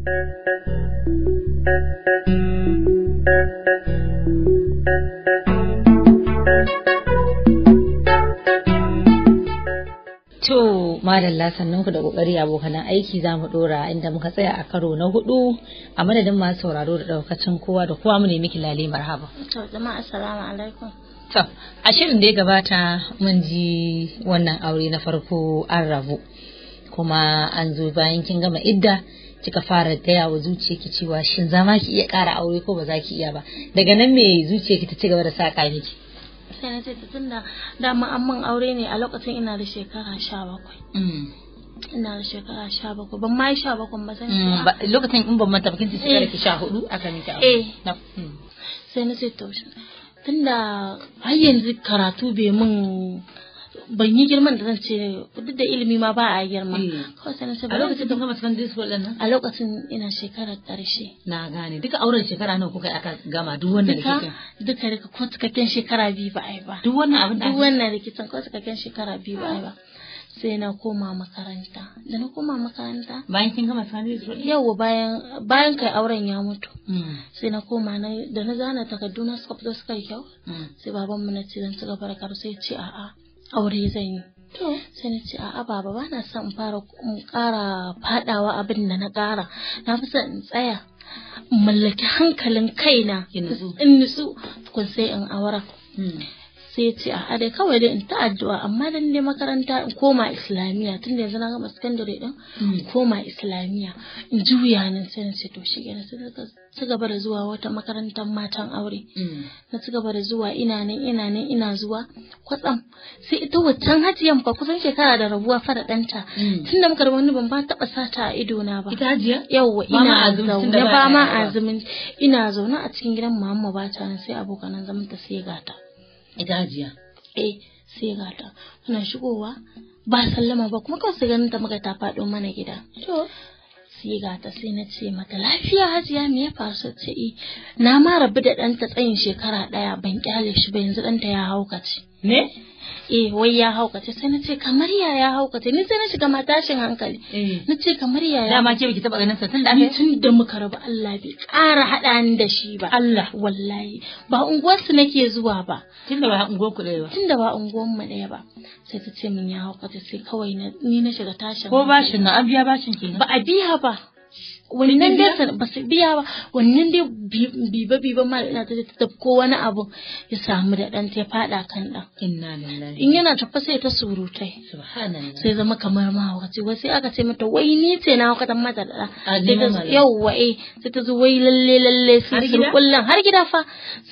To, madalla sannunku da kokari abokanan aiki za mu dora inda muka tsaya a karo na hudu a madadin masu sauraro da daukacin kowa da kowa mu ne miki marhaba. To, jama'a assalamu alaikum. To, a shirin da ya gabata mun ji wannan aure na farko an rabu kuma an zo bayan kin gama idda kika fara taya wa zuciyarki cewa shin za ma ki iya ƙara aure ko ba za ki iya ba daga nan me zuciyarki ta ci gaba da saƙa miki sai na ce tunda dama an min aure ne a lokacin ina da shekara sha bakwai mm. ina da shekara sha bakwai ban ma sha bakwai ba sai mm, lokacin in ban mata bakin shekara ki eh. sha hudu aka miki aure eh. mm. sai na ce to tunda har yanzu karatu bai min ban yi girman da zan ce duk da ilimi ma ba a girma eh. kawai sai na ce a lokacin da gama secondary su nan a lokacin ina shekarar karshe na gane duka auren shekara nawa kuka aka gama duk wannan rikicin duka duka ko cikakken shekara biyu ba yi ba duk wannan abin da duk wannan rikicin ko cikakken shekara biyu ba yi ba sai na koma makaranta da na koma makaranta bayan kin gama secondary school Yawwa bayan bayan kai auren ya mutu mm. sai na koma na da na zana takardu na suka fito suka yi kyau mm. sai babanmu na ce zan ci gaba da karo sai ce a'a aure zan yi sai na ce a'a baba ba son in fara in ƙara faɗawa abin da na ƙara na fi son in tsaya in mallaki hankalin kaina in nutsu kun sai in aura hmm. sai ya ce a dai kawai dai in ta addu'a amma dan dai makaranta in koma islamiyya tun da yanzu na gama sakandare din in hmm. koma islamiyya in juya nan sai na ce to shi na ci gaba da zuwa wata makarantar matan aure hmm. na ci gaba da zuwa ina nan ina nan ina zuwa kwatsam sai ita wancan hajiyan fa kusan shekara da rabuwa fara danta hmm. tunda muka da wani ban ba taba sata a ido na ba ita hajiya ina zaune azumin ina zaune a cikin gidan mamma ba ta sai abokan zaman ta sai gata ita eh sai ga ta muna shigowa ba sallama ba kuma kawai ganin ta muka ta faɗo mana gida to sai ga ta sai na ce mata lafiya hajiya me ya faru ce eh, na ma rabu da ɗanta tsayin shekara ɗaya ban kyale shi ba yanzu ɗanta ya haukace ne eh wai ya haukata sai na ce kamar ya ya haukata ni sai na shiga matashin hankali na ce kamar ya ya dama ke biki taba ganin sa tun da tun da muka rabu Allah bai ƙara haɗa ni da shi ba Allah wallahi ba unguwar su nake zuwa ba tun da ba unguwar ku ba tun da ba unguwar mu daya ba sai ta ce min ya haukata sai kawai ni na shiga tashin ko bashin na abiya bashin kenan ba a biya ba wannan dai ba su biya ba wannan dai biba biba ma ina ta ta ko wani abu ya samu da dan ta faɗa kan ɗan in yana tafa sai ta surutai sai zama kamar ma wakati wai sai aka ce mata wai ni ce na dan mata da ɗan yauwa eh sai ta zo wai lalle lalle sai surkullan har gida fa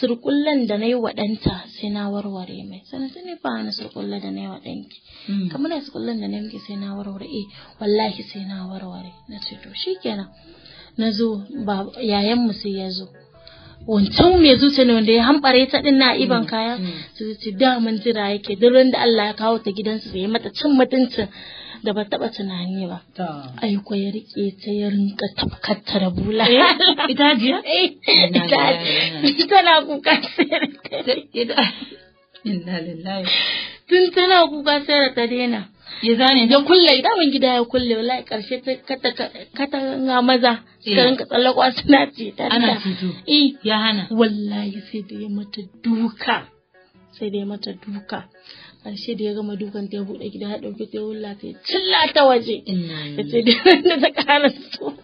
surkullan da na yi wa sai na warware mai sannan sai ne fa na surkullan da na yi wa hmm. kamar na surkullan da na yi sai na warware eh wallahi sai na warware na ce to shikenan na zo mu sai ya zo wancan mai zuciya ne wanda ya hambare ta din na iban mm, kaya mm. su ce mun jira yake duk da Allah ya kawo ta gidansu sai mata cin mutuncin da ba taba tunani ba. Ai ko ya rike ta ya rinka tafkata da bula. Eh, ita jiya? Eh, ita tana kuka sai da Inna lillahi. Tun tana kuka sai ta daina. ya zane don kulle daman gida ya kulle wallahi karshe nga maza eh. ka rinka tsallakwa suna ce ta ana eh ya hana wallahi sai da ya mata duka sai da ya mata duka karshe da ya gama dukan ta ya bude gida ya dauke ta ya wulla ta ya cilla ta waje ya ce da ta kana so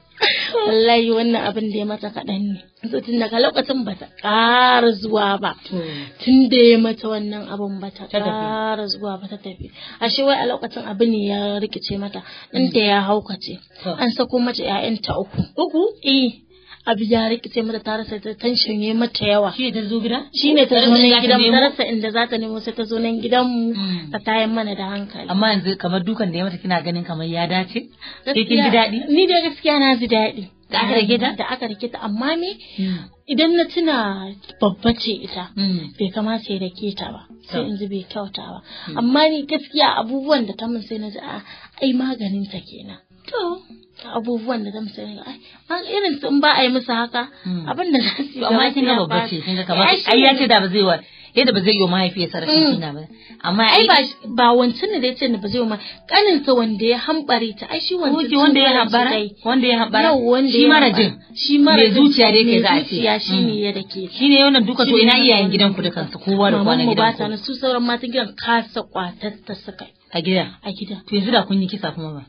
wallahi wannan abin da ya mata kaɗan ne so tun daga lokacin ba ta ƙara zuwa ba tun da ya mata wannan abin ba ta ƙara zuwa ba ta tafi ashe wai a lokacin abin ne ya rikice mata ɗanta ya haukace an sako mata 'ya'yanta uku uku eh abu ya sai mata ta sai ta tanshanye mata yawa shi ta zo gida shi ne ta zo nan gidan mu ta rasa inda za ta nemo sai ta zo nan gidan mu hmm. ta tayin mana da hankali amma yanzu kamar dukan da ya mata kina ganin kamar ya dace sai kin ji daɗi ni da gaskiya na ji daɗi da aka rike ta da aka rike ta amma me hmm. idan na tuna babba ce ita hmm. bai kamata ya rike ta ba sai in ji bai kyauta ba amma ni gaskiya abubuwan da ta mun sai na ji a ai maganin ta kenan to abubuwan da zamu sani ai an irin su in ba a yi musu haka hmm. abin da za su yi amma kin ga babba ce kin ga kamar ai ya ce da ba zai wa yadda ba zai yi wa mahaifiyarsa rashin hmm. kina ba amma ai ba ba wancan ne da ya ce ba zai yi wa kanin sa wanda ya hambare ta ai shi wancan wanda ya hambara wanda ya hambara shi mara jin shi mara zuciya da yake za a ce shi ne hmm. ya dake shi ne wannan duka to ina iyayen gidan ku dukan su kowa da kwana gidan ku ba su sauran matan gidan kasa kwatatta suka a gida a gida to yanzu da kun yi kisa kuma ba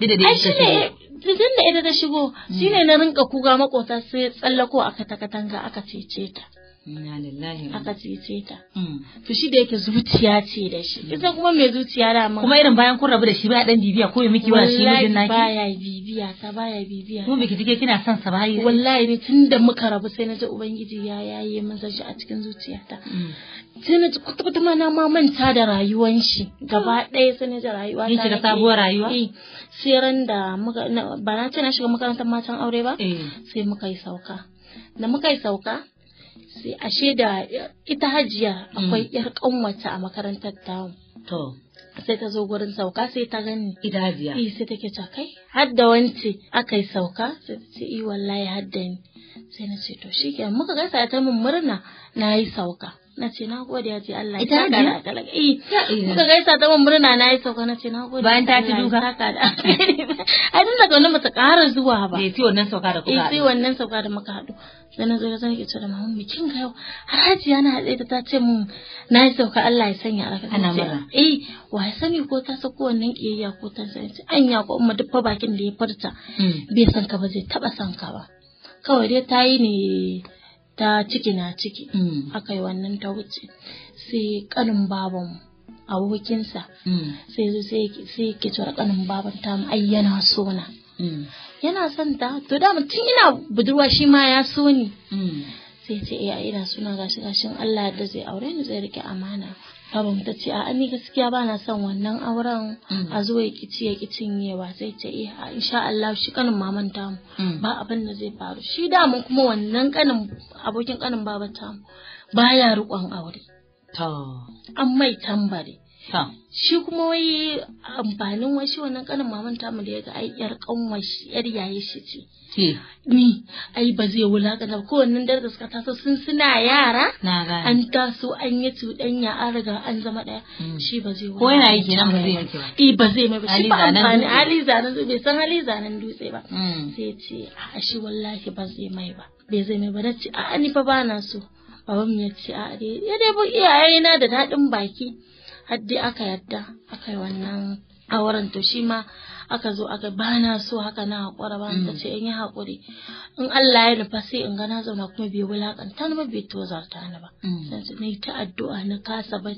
Dida dai ita ce. Tun da ita ta shigo, hmm. shine na rinka kuga makota sai tsallako aka ta katanga aka cece ta. aka cece ta mm. to shi da yake zuciya ce da shi mm. ita kuma mai zuciya da mun kuma irin bayan kun rabu da shi ba dan bibiya ko yau miki wa shi mijin naki baya bibiya ta baya bibiya kuma biki jike kina son sa ba yi. wallahi ne tunda muka rabu sai na ji ubangiji ya yaye min san shi a cikin zuciyata mm. sai na ji kwata kwata ma na ma manta da rayuwan shi gaba ɗaya sai na ji rayuwa ta da sabuwar rayuwa eh, sai ran da muka ba na ce na shiga makarantar matan aure ba eh. sai muka yi sauka da muka yi sauka sai ashe da ita hajiya akwai mm. yar kanwata a makarantar town to sai ta zo gurin sauka sai ta gani ita hajiya eh sai take ta kai har da wance aka sauka sai ta ce eh wallahi har da ni sai na ce to shikenan muka gaisa ta mun murna na yi sauka na ce na gode ce Allah ya kala kala eh kuka gaisa ta mun murna na yi sauka na ce na gode bayan ta ci duka haka da ai tun daga wannan bata ƙara zuwa ba eh sai wannan sauka da kuka eh sai wannan sauka da muka hadu sai na zo na ke ce da mamun bikin ka yau harajiya yana hade ta ce mun na yi sauka Allah ya sanya alaka ana mara eh wa ya sani ko ta sako wannan kiyayya ko ta sani anya ko umma duk fa bakin da ya furta hmm. bai san ka ba zai taba san ka ba kawai dai ta yi ne ta ciki na ciki mm. aka yi wannan ta wuce sai kanin baban abokinsa mm. sai zo sai ke cewa kanin baban ta ai yana so mm. yana son ta to da tun ina budurwa shi ma ya so ne sai ce eh ina suna gashi gashin Allah da zai aure ni zai rike amana sabon ta ce a ni gaskiya ba na son wannan auren mm. a zo ya kici ya kicin sai ta eh insha Allah shi kanin maman tamu mm. ba abin da zai faru shi da mun kuma wannan kanin abokin kanin baba tamu ba baya rikon aure Ta. an mai tambari. Shi kuma wai amfanin wasu wannan kanin maman tamu da ya ga ai yar kanwar yar yaye shi ce. Ni ai ba zai wulakanta ba kowannen dare da suka taso sun suna yara. An taso an yi cuɗanya an riga an zama ɗaya. Hmm. Shi ba zai wula. Ko yana yake nan ba zai yake ba. I eh, ba zai mai ba shi ba amfani hali zanen dutse bai san hali zanen dutse ba. Hmm. Sai ce a shi wallahi ba zai mai ba. Bai zai mai ba na ce a'a ni fa ba na so. Babanmu ya ce a'a dai ya dai bu iyayena da daɗin baki. har dai aka yadda aka yi wannan auren to shi ma aka zo aka bana so haka na haƙura ba ta mm. ce in yi haƙuri in Allah ya nufa sai in gana zauna kuma bai wulakanta ni ba bai tozarta ni ba mm. sai su yi ta addu'a na kasa ba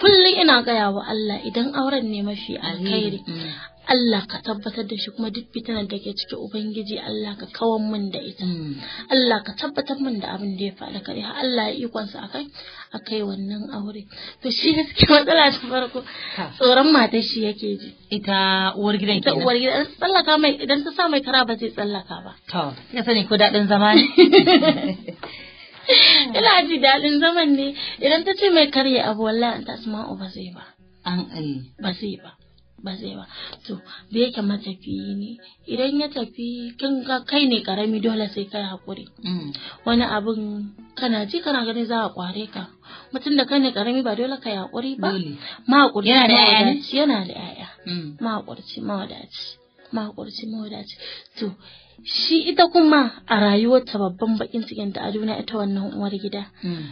kullum ina gaya wa Allah idan auren ne mafi alkhairi mm. Allah ka tabbatar da shi kuma duk fitanar da ke ciki Ubangiji Allah ka kawar min da ita. Hmm. Allah ka tabbatar min da abin da ya faɗa kare har Allah ya ikonsa a kai a kai wannan aure. To shi suke matsala ta farko tsoron matar shi yake ji. Ita uwar gidan Ita uwar gidan tsallaka mai idan ta sa mai kara ba zai tsallaka ba. To ya sani ko daɗin zama ne. Ina ji daɗin zaman ne idan ta ce mai karya abu wallahi ta asma'u eh. ba zai ba. An ba zai ba. ba zai ba to bai yake matafiyi ne idan ya tafi kin ga kai ne karami dole sai kai hakuri mm. wani abun kana ji kana gani za a kware ka mutum da kai ne karami ba dole kai hakuri ba ma hakuri yana da yaya yana da yaya mm. ma hakuri ma wadaci ma hakuri ma wadaci to shi ita kuma a rayuwarta babban bakin cikin ta a duniya ita wannan uwar gida. Mm.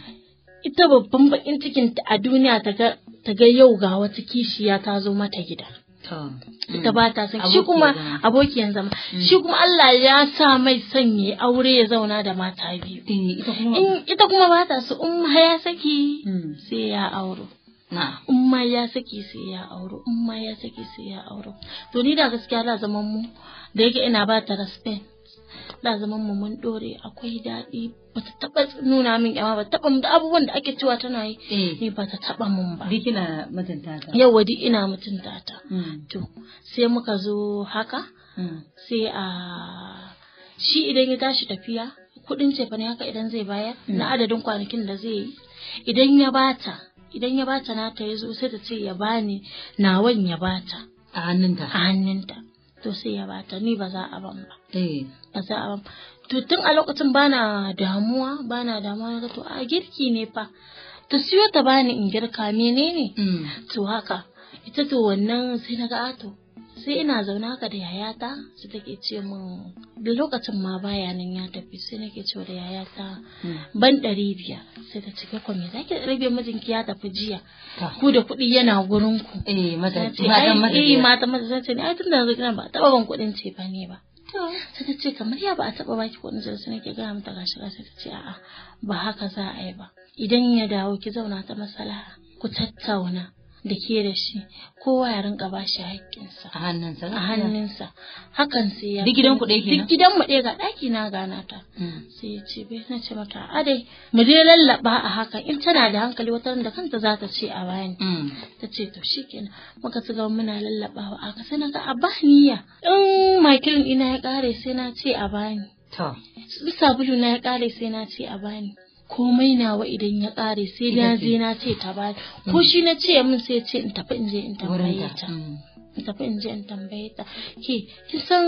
Ita babban bakin cikin ta a duniya ta ga ta ga yau ga wata kishiya ta zo mata gida. Mm. Ita ba ta san shi kuma abokiyan zama. Mm. Shi kuma Allah ya sa mai sanye aure ya zauna da mata biyu. Mm. Ita kuma ba ta so in ya saki sai ya auro. In ma ya saki sai ya auro, in ma ya saki sai ya auro. To ni da gaskiya da zaman mu da yake ina ba ta respect. da zama mu mun dore akwai daɗi ba ta taɓa nuna min yawa ba taɓa da abubuwan da ake cewa tana yi eh. ni ba ta taɓa mun ba. Duk ina mutunta ta. Yawwa duk ina mutunta ta. To sai muka zo haka hmm. sai a ah, shi idan ya tashi tafiya kuɗin cefane haka idan zai bayar hmm. na adadin kwanakin da zai yi idan ya bata idan ya bata nata ya zo sai ta ce ya bani nawan ya bata. A hannunta. A hannunta. To sai ya bata ni ba za a ban ba. Eh, a to a lokacin bana damuwa bana damuwa na to a girki ne fa ta siyo ta bani in girka menene mm. to haka ita to wannan sai na ga ato sai ina zaune haka da yayata su take ce min da lokacin ma baya nan ya tafi sai nake cewa da yayata mm. ban ɗari biyar sai ta cike kwame za ki ɗari biyar mijinki ya tafi jiya ku da kuɗi yana gurinku. ku eh mata mata mata mata eh, mata mata ta mata mata mata mata mata mata mata ba, mata ba sai ta ce kamar ya ba a taba baki kuɗin zarsu nake gaya mata gashi gashi ta ce a'a ba haka za a yi ba idan ya dawo ki zauna ta masala ku tattauna da ke da shi kowa ya rinka ba shi haƙƙinsa a hannunsa a hannunsa hakan sai ya duk gidan ku dai duk gidan mu ɗaya ga ɗaki na gana ta mm. sai ya ce bai na ce mata a dai mu dai lallaba a haka in tana da hankali wata da kanta za ta ce a bani mm. ta ce to shikenan muka ci gaba muna lallabawa a ka sai na ga a niyya in makilin ina ya ƙare sai na ce a bani to sabulu na ya kare sai na ce a bani komai nawa idan ya kare sai na zai na ce ta ba ko mm. shi na ce min sai ce in tafi in je in tambaye ta mm. in tafi in je in tambaye ta ke kin san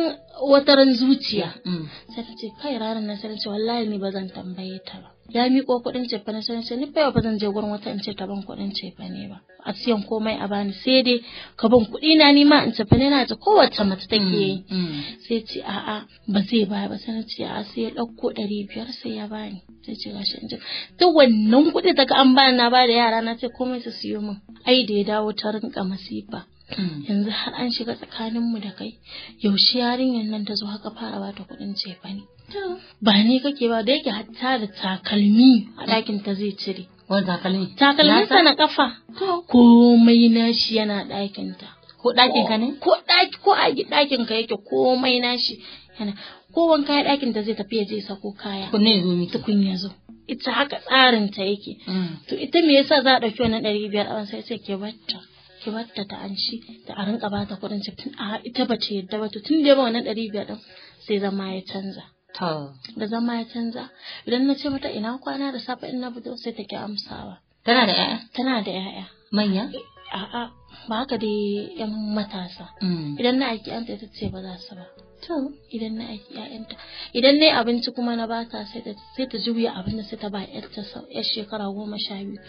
wataran zuciya mm. sai ta ce kai ranar na sai ta ce wallahi ni ba zan tambaye ta ba ya miƙo kuɗin cefane na sai ni fa ba zan je gurin wata in ce ta ban kuɗin cefa ba a siyan komai a bani sai dai ka ban kuɗi na ni ma in cefa ne na ta kowace mace take yi mm, mm. sai ce a'a ba zai ba ba sai ce a'a sai ya ɗauko ɗari biyar sai ya bani sai ce gashi in ji ta wannan kuɗi daga an bani na bada da yara na ce komai su siyo min ai da ya dawo ta rinka masifa mm. yanzu har an shiga tsakaninmu da kai yaushe yarinyar nan ta zo haka fara bata kuɗin cefa ne Ba ni kake ba da yake hatta da takalmi a ɗakin ta zai cire. Wani takalmi? Takalminsa na kafa. Komai nashi yana ɗakin ta. Ko ɗakin ka ne? Ko ɗaki ko a ɗakin ka yake komai nashi yana. Ko wanka ya ɗakin ta zai tafi ya je sako kaya. Kun ne zo miki. Kun ya zo. Ita haka tsarin ta yake. Mm. To ita me yasa za a ɗauki wannan ɗari biyar a sai sai ke batta. ki batta ta an shi da a rinka bata kuɗin cikin a ita bace yadda ba to tun da yawan wannan ɗari biyar ɗin sai zama ya canza. da zama ya canza idan na ce mata ina kwana da safe in na fito sai ki amsawa tana da 'ya'ya tana da 'ya'ya manya a'a ba haka dai yan matasa mm. idan na aiki an ta ce ba za su ba to idan na aiki ƴaƴanta idan nayi abinci kuma na bata sai ta juya abin da sai ta ba ƴarta ƴar shekara goma sha biyu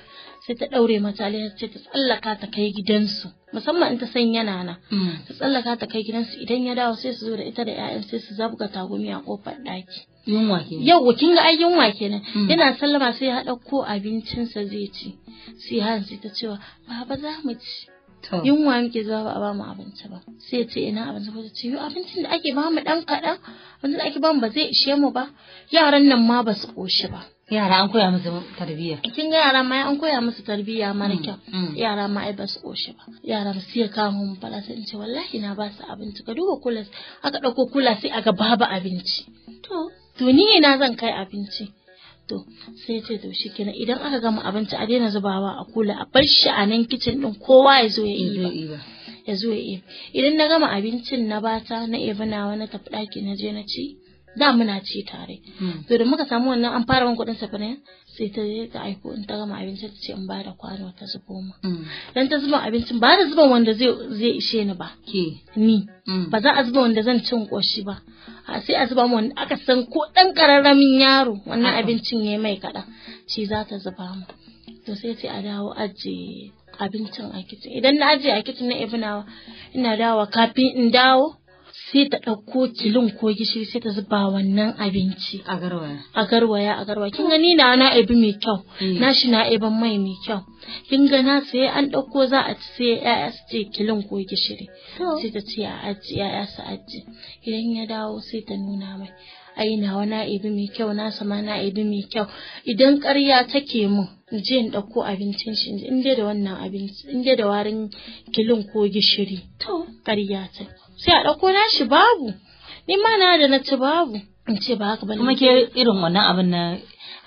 sai ta ɗaure mata sai ta tsallaka ta kai gidansu musamman in ta san yana na mm. ta tsallaka ta kai gidansu idan ya dawo sai su zo da ita da ƴaƴan sai su zabga tagumi a kofar ɗaki yunwa kenan yau kin ga ai yunwa kenan mm. yana sallama sai ya haɗa ko abincinsa zai ci sai hansu ta cewa baba za mu ci yunwa muke zuwa ba a ba mu abinci ba sai ya ce ina abinci ko ce yo abincin da ake ba mu dan kaɗan abincin da ake ba mu ba zai ishe mu ba yaran nan ma ba su ƙoshi ba yara an koya musu tarbiyya eh, kin ga yara ma an koya musu tarbiyya mara mm, kyau mm. yara ma ai ba su ƙoshi ba yara su ya kawo mu fara sai in ce wallahi na ba su abinci ka duba kula aka ɗauko kula sai aga babu abinci to to ina zan kai abinci to sai ce to shikenan idan aka gama abinci a daina zubawa a kula a bar shi a nan kicin din kowa ya zo ya ba ya zo ya yi idan na gama abincin na bata na ebanawa na tafi ɗaki na je na ci da muna ci tare to hmm. da muka samu wannan an fara ban kuɗin safarin sai ta je ta aiko in ta gama abinci ta ce in ba da kwano ta zubo ma hmm. dan ta zuba abincin ba da zuba wanda zai zai ishe ni ba ni hmm. ba za a zuba wanda zan cin koshi ba sai a zuba wanda aka san ko dan kararramin yaro wannan ah. abincin yayi mai kaɗan shi za ta zuba mu to sai sai a dawo ajiye abincin a kicin idan na ajiye a kicin na Ibnawa ina dawowa kafin in dawo sai ta ɗauko tilin ko gishiri sai ta zuba wannan abinci a garwaya a garwaya a garwaya kin gani na na ebi mai kyau eh. na shi na eban mai mai kyau kin ga na sai an ɗauko za a ci sai ya'ya su ce kilin ko gishiri sai ta ce a aji ya'ya su aji idan ya dawo sai ta nuna mai ai na na ebi mai kyau na sama na ebi mai kyau idan ƙarya take mun in je in ɗauko abincin shi in da wannan abinci in da warin kilin ko gishiri to ƙarya take sai a ɗauko nashi babu ni ma na da na ci babu in ce ba haka ba kuma ke irin wannan abin na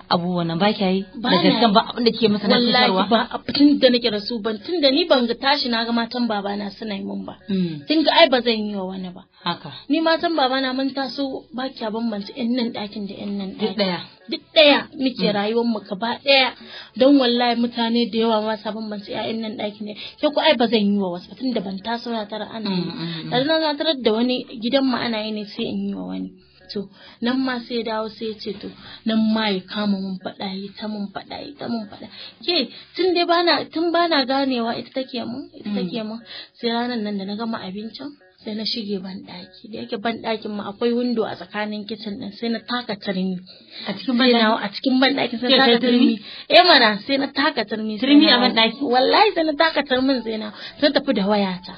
abubuwan nan ba kya yi da gaskan ba abin da ke masa na wallahi ba tun da nake rasu ban tun da ni ban ga tashi na ga matan babana suna yi mun ba hmm. kin ga ai ba zan yi wa wani ba haka ni matan babana mun taso ba kya ban yan nan ɗakin da yan nan ɗakin ɗaya duk ɗaya muke hmm. rayuwar mu gaba ɗaya don wallahi mutane da yawa ma sa bambanta ƴaƴan nan ɗakin ne ke ku ai ba zan yi wa wasu tun da ban taso na tara ana yi hmm, da na tarar da wani gidan mu ana yi ne sai in yi wa wani to nan ma sai dawo sai ce to nan ma ya kama mun faɗa yi ta mun faɗa yi ta mun faɗa ke tun dai bana tun bana ganewa ita take mun ita mm. take mun sai ranar nan da na gama abincin sai na shige ban ɗaki da yake ban ɗakin ma akwai windo a tsakanin kitchen din sai na taka turmi a cikin ban a cikin ban ɗakin sai na taka turmi eh mana sai na taka turmi turmi a ban ɗaki wallahi sai na taka turmin sai na sai tafi da wayata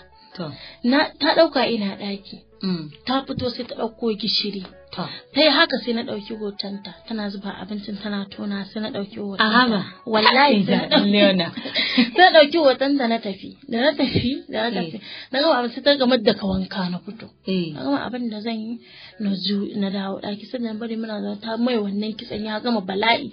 na ta ɗauka ina ɗaki Mm. ta fito sai ta ɗauko gishiri ta yi haka sai na ɗauki hotonta tana zuba abincin tana tona sai na ɗauki hotonta a haba wallahi sai na ɗauki hotonta na tafi da na tafi da na tafi eh. na gama abin sai ta gama da wanka na fito eh. na gama abin da zan yi na zu na dawo ɗaki sai na bari muna zama ta mai wannan kitsan ya gama bala'i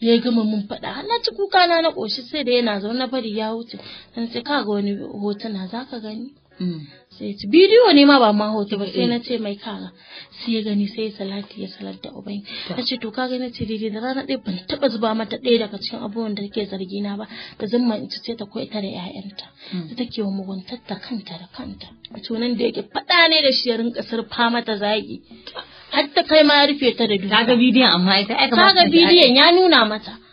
ya gama mun faɗa na ci kuka na na ƙoshi sai da yana zaune na bari ya wuce sai ka ga wani hotuna za ka gani Mm. sai ta bidiyo ne ma ba ma hoto ba sai mm. na ce mai kaga sai ya gani sai salati ya salar da ubai na ce to kaga na ce daidai da rana ɗaya ban taɓa zuba mata ɗaya daga cikin abubuwan da take zargi na ba da zama in ce ta koyi ta da ƴaƴanta ta mm. take wa muguntar ta kanta da kanta to nan da yake faɗa ne da shi ya rinka surfa mata zagi har ta kai ma ya rufe ta da duka ta bidiyon amma ita ai ta ga bidiyon ya nuna mata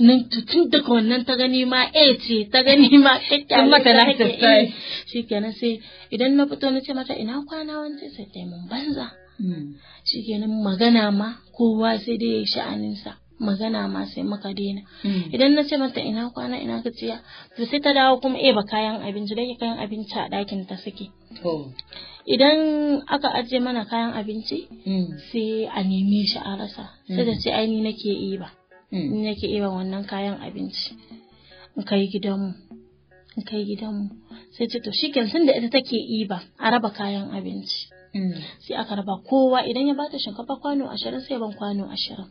nan tun daga wannan ta gani ma A ce ta gani ma kakkyawar mata na ta eh, shi kenan sai idan na fito na ce mata ina kwana wancan sai ta mun banza hmm. shi kenan magana ma kowa sai dai ya yi sha'aninsa magana ma sai maka daina hmm. idan na ce mata ina kwana ina ka gajiya to sai ta dawo kuma eba kayan abinci da kayan abinci a ɗakin ta suke idan aka ajiye mana kayan abinci hmm. sai a neme shi a rasa sai da ce aini nake yi ba Mm. in yake iya wannan kayan abinci in kai gidanmu in kai gidanmu sai ce to shiken sun da ita take iba a raba kayan abinci mm. sai aka raba kowa idan ya bata shinkafa kwano ashirin sai ban kwano ashirin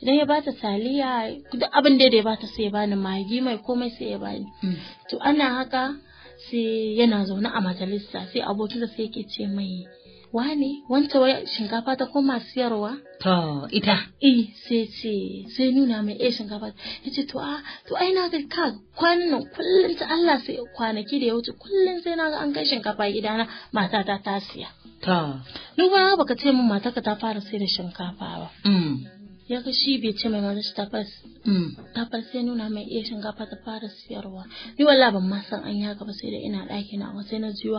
idan ya bata taliya duk abin da ya bata sai ya bani magi mai komai sai ya bani mm. to ana haka sai yana zaune a majalisa sai abokinsa sai yake ce mai Wani wanta wai shinkafa ta koma siyarwa to ita eh sai ce sai nuna mai eh shinkafa ya ce to a ah, to ai na ga ka kwanan kullun ta Allah sai kwanaki da ya wuce kullun sai na ga an kai shinkafa gidana matata ta siya to ni baka ce min matarka ta fara sai da shinkafa ba mm. ya ga shi bai ce mai mata ta tabbas hmm. sai nuna mai iya eh, shinkafa ta fara siyarwa ni walla ban ma san an yaga ba sai da ina ɗaki na amma sai na jiyo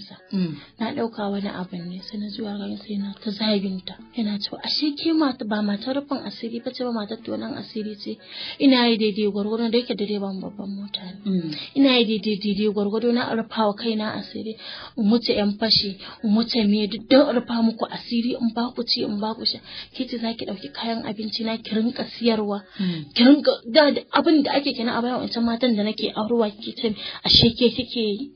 sa. Hmm. na ɗauka wani abu ne sai na jiyo sa yana ta zaginta yana cewa ashe ke mata ba matar rufin asiri ba ce ba matar tonan asiri ce ina yi daidai gwargwado da yake direban babban mota ne hmm. ina yi daidai daidai gwargwado na rufawa kaina asiri in wuce yan fashi in wuce me duk don rufa muku asiri in ba ku ci in ba ku sha ke ce za ki ɗauki kayan kayan abinci na ki rinka siyarwa hmm. ki da abin da ake kenan a bayan wancan matan da nake aurwa ki ce a sheke kike yi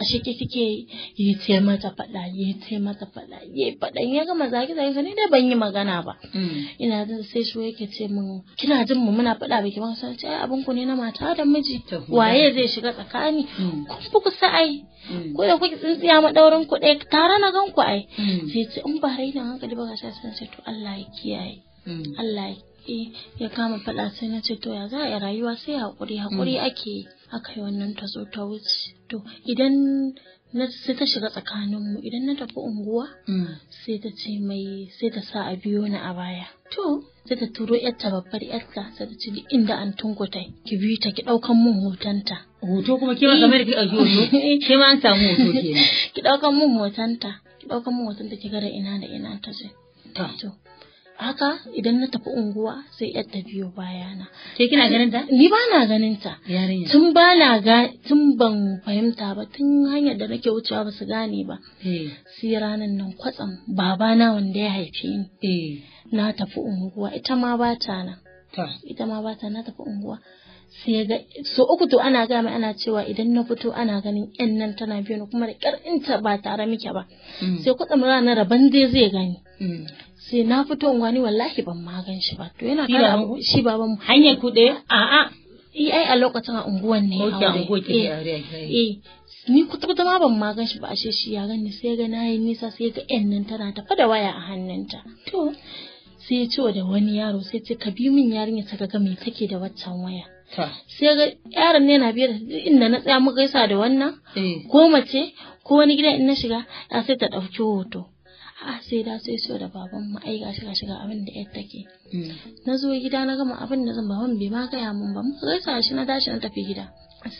ashe ke kike yi yi ce mata fada yi mata fada yi fada ya gama zaki zaki ne dai ban yi magana ba hmm. ina jin sai shi yake ce mu kina jin mu muna fada ba ki ba sai ai abin ku ne na mata da miji waye zai shiga tsakani hmm. kun fi kusa ai ko da kuke tsintsiya madaurin ku ɗaya tare na gan ku ai sai ce in ba raina hankali ba ga sai to Allah ya kiyaye Mm. Allah ya kama faɗa sai na ce to ya za a rayuwa sai haƙuri haƙuri mm. ake aka yi wannan ta zo ta wuce to idan na sai ta shiga tsakaninmu idan na tafi unguwa mm. sai ta ce mai sai ta sa a biyo ni a baya to sai ta turo yarta babbar yarta sai ta ce inda an tunkuta ki bi ta ki daukan mun hotonta hoto kuma kima kamar ki ɗauki eh. ke kima an samu hoto kenan ki daukan mun hotonta ki daukan mun hotonta ki gara ina da ina ta je to haka idan na tafi unguwa sai yar ta biyo bayana. Ke kina ganin ta? Ni ba na ganin ta. Tun ba na ga tun ban fahimta ba tun hanyar da nake wucewa ba su gane ba. Eh. Sai ranan nan kwatsam babana wanda ya haife ni. Eh. Na tafi unguwa ita ma ba ta nan. Ita ma ba ta na tafi unguwa. sai ga so uku to ana ga mai ana cewa idan na fito ana ganin yan nan tana biyo ni kuma da karinta ba tare muke ba mm. sai kuɗin na rabon dai zai gani mm. sai na fito wani wallahi ban ma gan shi ba to yana kara shi baban hanyar kuɗe a'a eh, ai a lokacin a unguwan ne aure eh, eh ni kuta ma ban ma gan shi ba ashe shi ya gani sai ga nayi nisa sai ga yan nan tana tafa da waya a hannunta to sai ya ce da wani yaro sai ce ka bi min yarinya ta ga me take da waccan waya sai ga yaron ne na biyar inda na tsaya muka gaisa da wannan eh. ko mace ko wani gida in na shiga ya sai ta ɗauki hoto a sai da sai so da baban mu ai shiga shiga shiga abin da yar take hmm. na zo gida na gama abin da zan baban bai ma gaya mun ba muka gaisa shi na tashi na tafi gida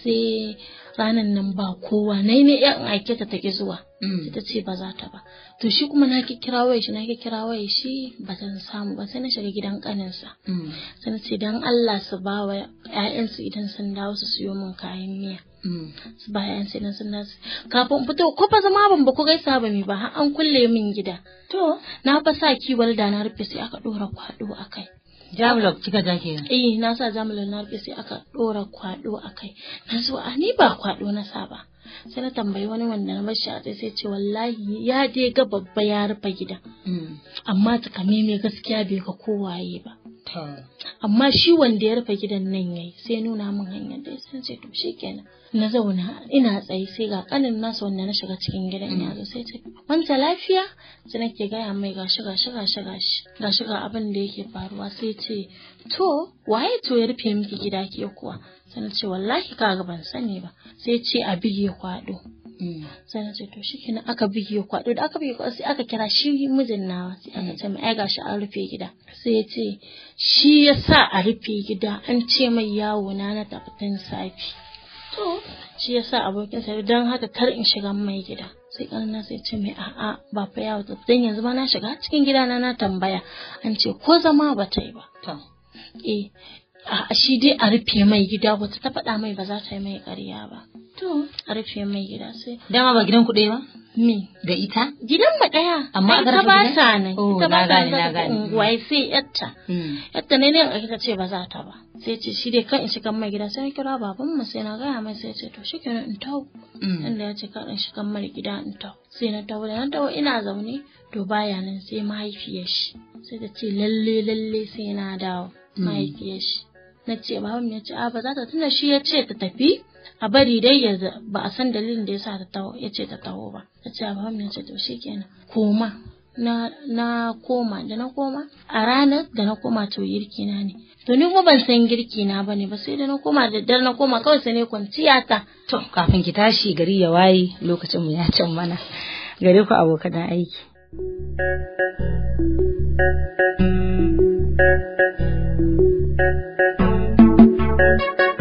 sai ranan nan ba kowa na ne yan aike ta take zuwa mm. ta ce ba za ta ba to shi kuma na kira waye shi na kira waye shi ba zan samu ba sai na shiga gidan kaninsa mm. sai na ce dan Allah su ba wa ƴaƴansu idan sun dawo su siyo min kayan miya mm. su ba ƴaƴansu idan sun dawo kafin fito ko fa zama ban ba ko gaisa ba mi ba har an kulle min gida to na fa sa kiwal da na rufe sai aka dora kwado akai Jamulok kika jake kenan. Eh na sa jamilu na rufe sai aka dora kwado kai Na zo a ni ba kwado na sa ba. Sai na tambayi wani wanda na bashi a sai ce wallahi ya je ga babba ya rufe gida. Mm. Amma ta takameme gaskiya bai ga kowaye ba. amma shi wanda ya rufe gidan nan yayi sai nuna min hanyar da sai ce to shikenan na zauna ina tsaye sai ga kanin nasa wanda na shiga cikin gidan ya zo sai ce wanta lafiya sai nake gaya mai gashi gashi gashi gashi ga abin da yake faruwa sai ce to waye to ya rufe miki gida ke kuwa sai ce wallahi kaga ban sani ba sai ce a ya kwado Mm. sai na ce to shi kenan aka bige kwado da aka bige kwado sai aka kira shi mijin nawa sai aka mm. ce mai gashi an rufe gida sai ya ce shi ya sa a rufe gida an ce mai yawo na na tafitin safi to shi ya sa abokin sa don haka kar in shiga mai gida sai ƙarna sai ce mai a'a ba fa yawo tafitin yanzu ba na shiga cikin gida na na tambaya an ce ko zama ba ta yi ba eh a shi dai a rufe mai gida wata ta faɗa mai ba za ta yi mai ƙarya ba to a rufe mai gida sai dama ba gidan kuɗe ba me da ita gidan ba ɗaya amma a garfa ba sa ne. ita ba sa nan wai sai yatta yatta ne ne ka ce ba za ta ba sai ce shi dai kan in shiga mai gida sai na kira baban mu sai na gaya mai sai ce to shikenan in tawo mm. inda ya ce kan in shiga mai gida in tawo sai na tawo da na tawo ina zaune to baya nan sai mahaifiyar shi sai ta ce lalle lalle sai na dawo mm. mahaifiyar shi na ce baban ya ce a ba za ta tuna shi ya ce ta tafi a bari dai ya ba a san dalilin da ya sa ta taho ya ce ta taho ba Na ce baban ya ce to kenan koma na koma da na koma a ranar da na koma to girki na ne to ni kuma ban san girki na bane ba sai da na koma da daddare na koma kawai sai ne kwanciya ta to kafin ki tashi gari ya waye lokacin mu ya can mana gare ku abokan aiki thank you Música